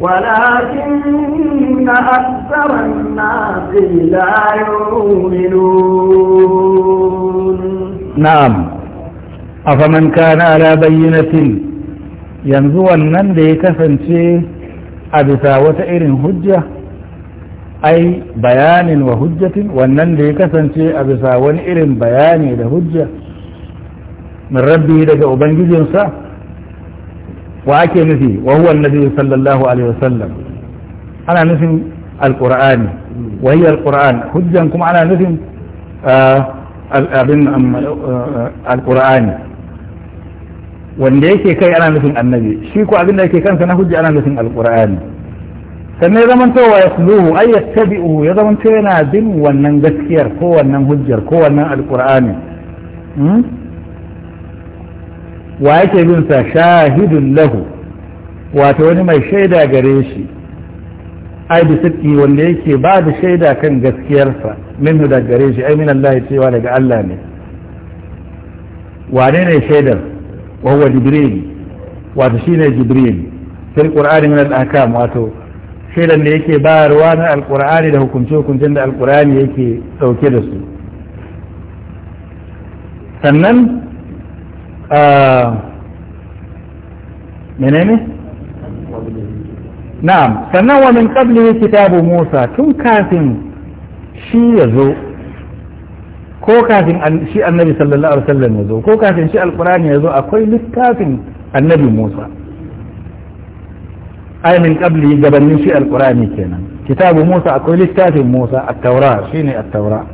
ولكن أكثر الناس لا يؤمنون
نعم أفمن كان على بينة ينزو أنن ليك شيء أبسا وتئر هجة أي بيان وهجة وأنن ليك شيء أبسا وإر بيان لهجة min rabbi daga ubangijinsa wa ake nufi wa huwa annabi sallallahu alaihi wasallam ana nufin alqur'ani wa hiya alqur'an hujjan kuma ana nufin abin alqur'ani wanda yake kai ana nufin annabi shi ko abin da yake kansa na hujja ana nufin alqur'ani sannan ya zamanto wa yasluhu ya zamanto yana bin wannan gaskiyar ko wannan hujjar ko wannan alqur'ani wa yake bin sa shahidun lahu wato wani mai shaida gare shi ai da sirki wanda yake ba da shaida kan gaskiyarsa min da gare shi ai min Allah cewa daga Allah ne wane ne shaidar wa huwa jibril wato ne jibril Sai qur'ani min al-ahkam wato shaidan da yake ruwa na Alƙur'ani da hukunce-hukuncen da alkur'ani yake dauke da su sannan menene na'am sannan wa min qablihi kitabu Musa tun kafin shi ya zo ko kafin shi annabi sallallahu alaihi wasallam ya zo ko kafin shi alqur'ani ya zo akwai littafin annabi Musa ai min qabli gabanin shi alqur'ani kenan kitabu Musa akwai littafin Musa at-taura shine at-taura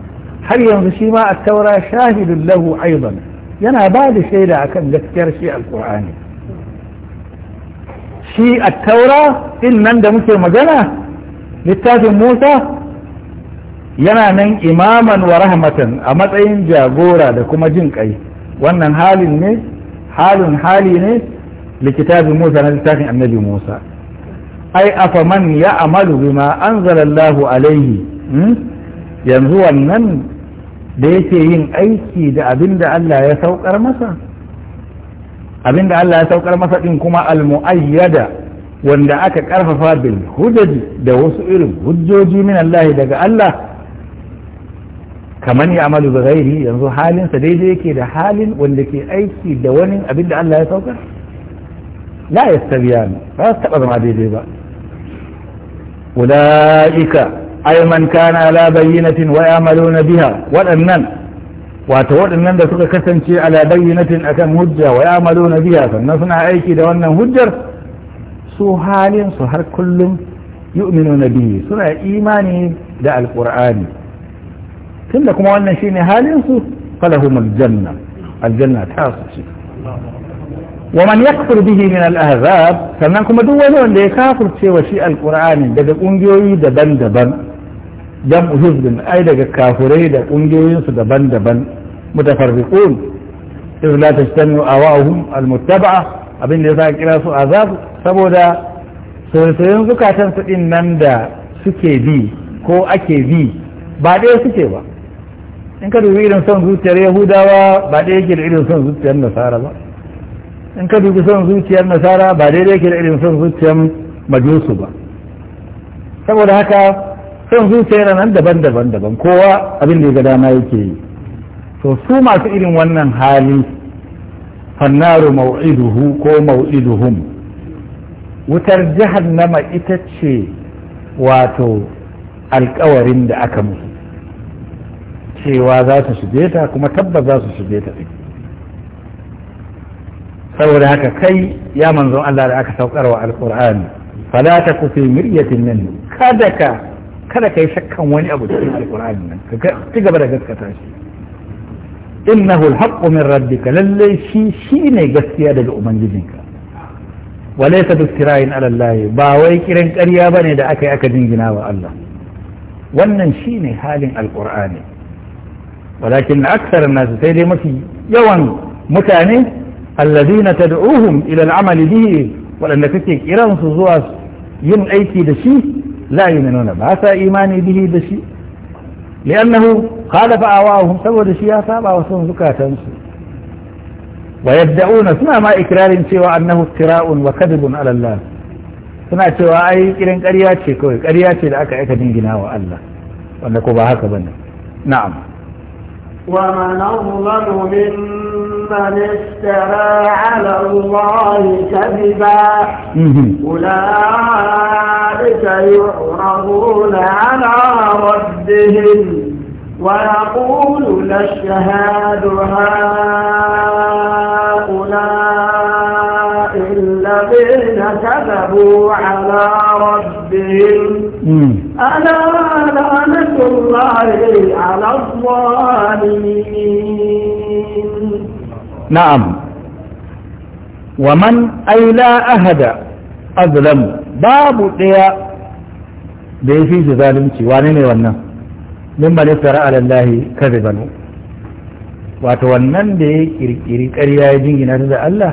har yanzu shi ma at-taura shahidun lahu aidan yana ba da shaida a kan gaskiyar shi alkur'ani shi a taura din nan da muke magana littafin musa yana nan imaman wa rahmatan a matsayin jagora da kuma jin kai wannan halin ne halin hali ne likitafin musa na littafin annabi musa ai afaman ya amalu bima anzala alaihi hmm? yanzu wannan da yake yin aiki da abin da Allah ya saukar masa abin da Allah ya saukar masa din kuma al-mu'ayyada wanda aka karfafa bil hujaji da wasu irin hujjoji min Allah daga Allah kaman ya amalu da gairi yanzu halinsa daidai yake da halin wanda ke aiki da wani abin da Allah ya saukar la yastabiyan ba su taba zama daidai ba ulaika ay man kana la bayyinatin wa ya'maluna biha waɗannan wato waɗannan da suka kasance ala bayyinatin akan hujja wa ya'maluna biha sannan suna aiki da wannan hujjar su halin su har kullum yu'minuna bihi suna imani da alqur'ani tunda kuma wannan shine halin su falahumul janna aljanna ta su ومن يكفر به من الأهذاب sannan kuma duk wani wanda ya kafirce wa shi alƙur'ani daga ƙungiyoyi daban-daban jam'u hizbin ai daga kafurai da kungiyoyinsu daban-daban mutafarriqun iz la tajtami'u awahum almuttaba'a abin da yasa kira su azab saboda soyayen zukatan su din nan da suke bi ko ake bi ba ɗaya suke ba in ka dubi irin son zuciyar yahudawa ba ɗaya yake da irin son zuciyar nasara ba in ka dubi son zuciyar nasara ba daidai yake da irin son zuciyar majusu ba saboda haka son zuciya yana nan daban-daban daban kowa abin da ya ga dama yake yi to su masu irin wannan hali fannaru mau'iduhu ko mau'iduhum wutar jahannama ita ce wato alkawarin da aka musu cewa za su shige ta kuma tabbas za su shige ta saboda haka kai ya manzon Allah da aka saukar wa alkur'ani fala ta kufi miryatin nan kada ka kada ka yi shakkan wani abu da cikin alƙur'ani nan ka ci gaba da gaskata shi innahu alhaqqu min rabbika lalle shi shine gaskiya daga ubangijinka walaysa bistira'in ala Allah ba wai kiran ƙarya bane da aka yi aka jingina wa Allah wannan shine halin alƙur'ani walakin aksar nas sai dai mafi yawan mutane allazina tad'uhum ila al'amali bihi waɗanda kake kiransu zuwa yin aiki da shi la yu'minuna ba sa imani bihi da shi li'annahu khalafa awahum saboda shi ya saba wa son zukatansu wa suna ma ikrarin cewa annahu iftira'un wa kadhibun suna cewa ai kiran ƙarya ce kawai ƙarya ce da aka aika dingina wa Allah wanda ko ba haka bane na'am
wa man من افترى على الله كذبا أولئك يعرضون على ربهم ويقول الشهاد هؤلاء الذين كذبوا على ربهم ألا لعنة الله على الظالمين
na'am wa man aila ahada azlam babu daya da ya fi shi zalunci wane ne wannan min ba nisara alallahi kaziban wato wannan da ya kirkiri ƙarya ya jingina ta da Allah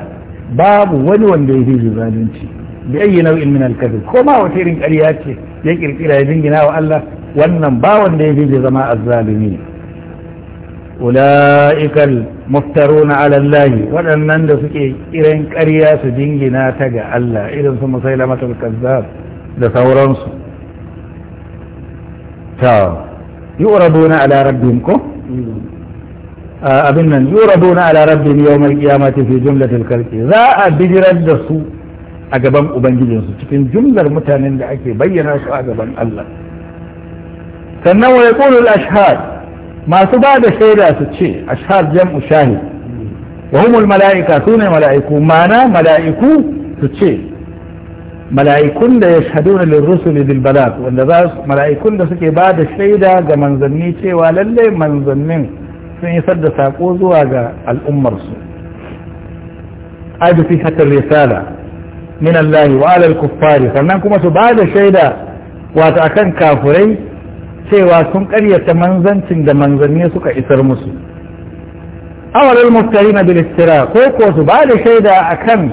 babu wani wanda ya fi shi zalunci bi ayi nau'in min alkazib ko ma wata irin ƙarya ce ya kirkira ya jingina wa Allah wannan ba wanda ya fi shi zama azzalimi ula'ikal muftaru na alallahi waɗannan da suke kiran ƙarya su jingina ta ga Allah irin su musaila musailamatul kazzab da sauransu ta yi yu'raduna ala rabbihim ko abin nan yi na ala rabbihim yawmal qiyamati fi jumlatil khalqi za a bijirar da su a gaban ubangijinsu cikin jumlar mutanen da ake bayyana su a gaban Allah sannan wa yaqulu al-ashhad masu ba da shaida su ce a shahar jam'u shahi wa humul mala'ika su ne mala'iku mana mala'iku su ce mala'ikun da ya na lirrusu ne balak wanda za mala'ikun da suke ba da shaida ga manzanni cewa lalle manzannin sun isar da sako zuwa ga al'ummarsu ai bi risala min wa'alar wa kuffari sannan kuma su ba da shaida wato akan kafurai cewa sun ƙaryata manzancin da manzanni suka isar musu awalul muftari na bilistira ko ko su ba da shaida kan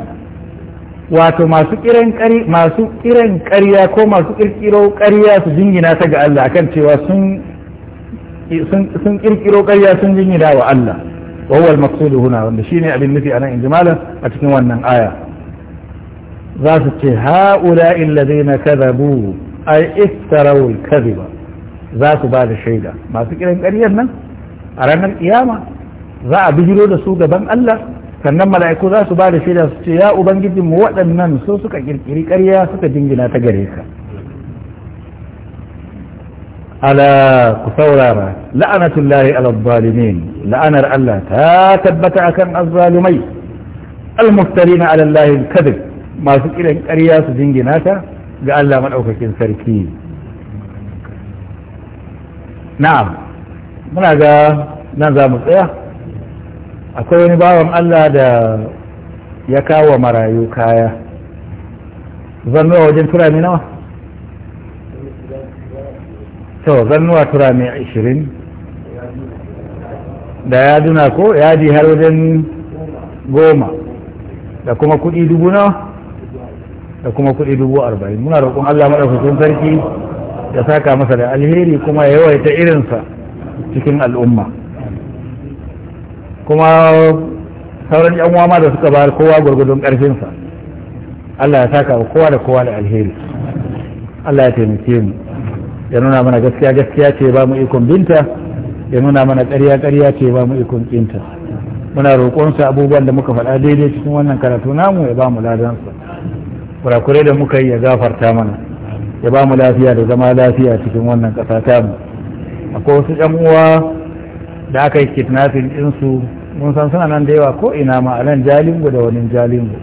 wato masu kiran ƙari ƙarya ko masu kirkiro ƙarya su jingina ta ga Allah akan cewa sun sun kirkiro ƙarya sun jingina wa Allah wa huwa al huna wanda shi ne abin nufi a anan injimala a cikin wannan aya za su ce ha'ula'i alladhina kadhabu ay iftaraw al-kadhiba za su ba da shaida masu kiran ƙaryar nan a ranar kiyama za a bijiro da su gaban Allah sannan mala'iku za su ba da shaida su ce ya ubangijinmu waɗannan so suka kirkiri ƙarya suka dingina ta gare ka ala ku saurara la'anatullahi ala zalimin la'anar Allah ta tabbata akan azzalumai almuftarina ala Allah kadib masu kiran ƙarya su jingina ta ga Allah madaukakin sarki na'am muna ga nan za mu tsaya akwai wani bawan Allah da ya kawo marayu kaya zannuwa wajen turami nawa to zannuwa turami ishirin? da yaduna ko yadi har wajen goma da kuma kudi dubu nawa da kuma kudi dubu arba'in muna roƙon Allah maɗaukakin sarki ya saka masa da alheri kuma ya yawaita irinsa cikin al'umma kuma sauran yan uwa ma da suka bayar kowa gurgudun karfinsa Allah ya saka kowa da kowa da alheri Allah ya taimake mu ya nuna mana gaskiya gaskiya ce ba mu ikon binta ya nuna mana ƙarya ƙarya ce ba mu ikon binta muna roƙonsa abubuwan da muka faɗa daidai cikin wannan karatu namu ya ba mu ladansa kurakurai da muka yi ya gafarta mana ya ba mu lafiya da zama lafiya cikin wannan ƙasa mu akwai wasu ƴan uwa da aka yi kidnapping ɗinsu mun san suna nan da yawa ko ina ma a nan jalingo da wani jalingo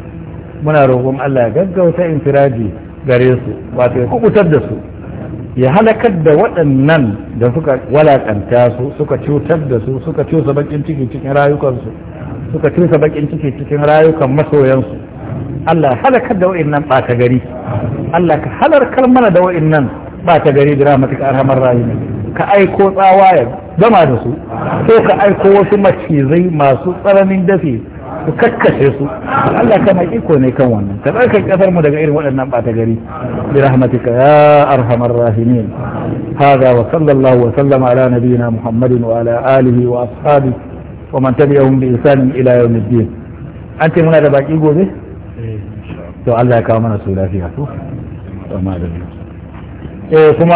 muna roƙon Allah ya gaggauta infiraji gare su wato ya kubutar da su ya halakar da waɗannan da suka walakanta su suka cutar da su suka cusa bakin ciki cikin rayukansu suka cusa bakin ciki cikin rayukan masoyansu Allah halakar da wa'annan ɓata gari Allah ka halarkar mana da wa'annan ɓata gari da ka arhamar rahimi ka aiko tsawa ya gama da su ko ka aiko wasu macizai masu tsananin dafi su kakkashe su Allah kana iko ne kan wannan ka tsarkar kasar mu daga irin waɗannan ɓata gari bi rahmatika ya arhamar rahimin hada wa sallallahu wa sallama ala nabiyyina muhammadin wa ala alihi wa ashabihi wa man tabi'ahum bi ihsan ila yawmiddin an ce muna da baki gobe to Allah ya kawo mana su lafiya to amma da
eh kuma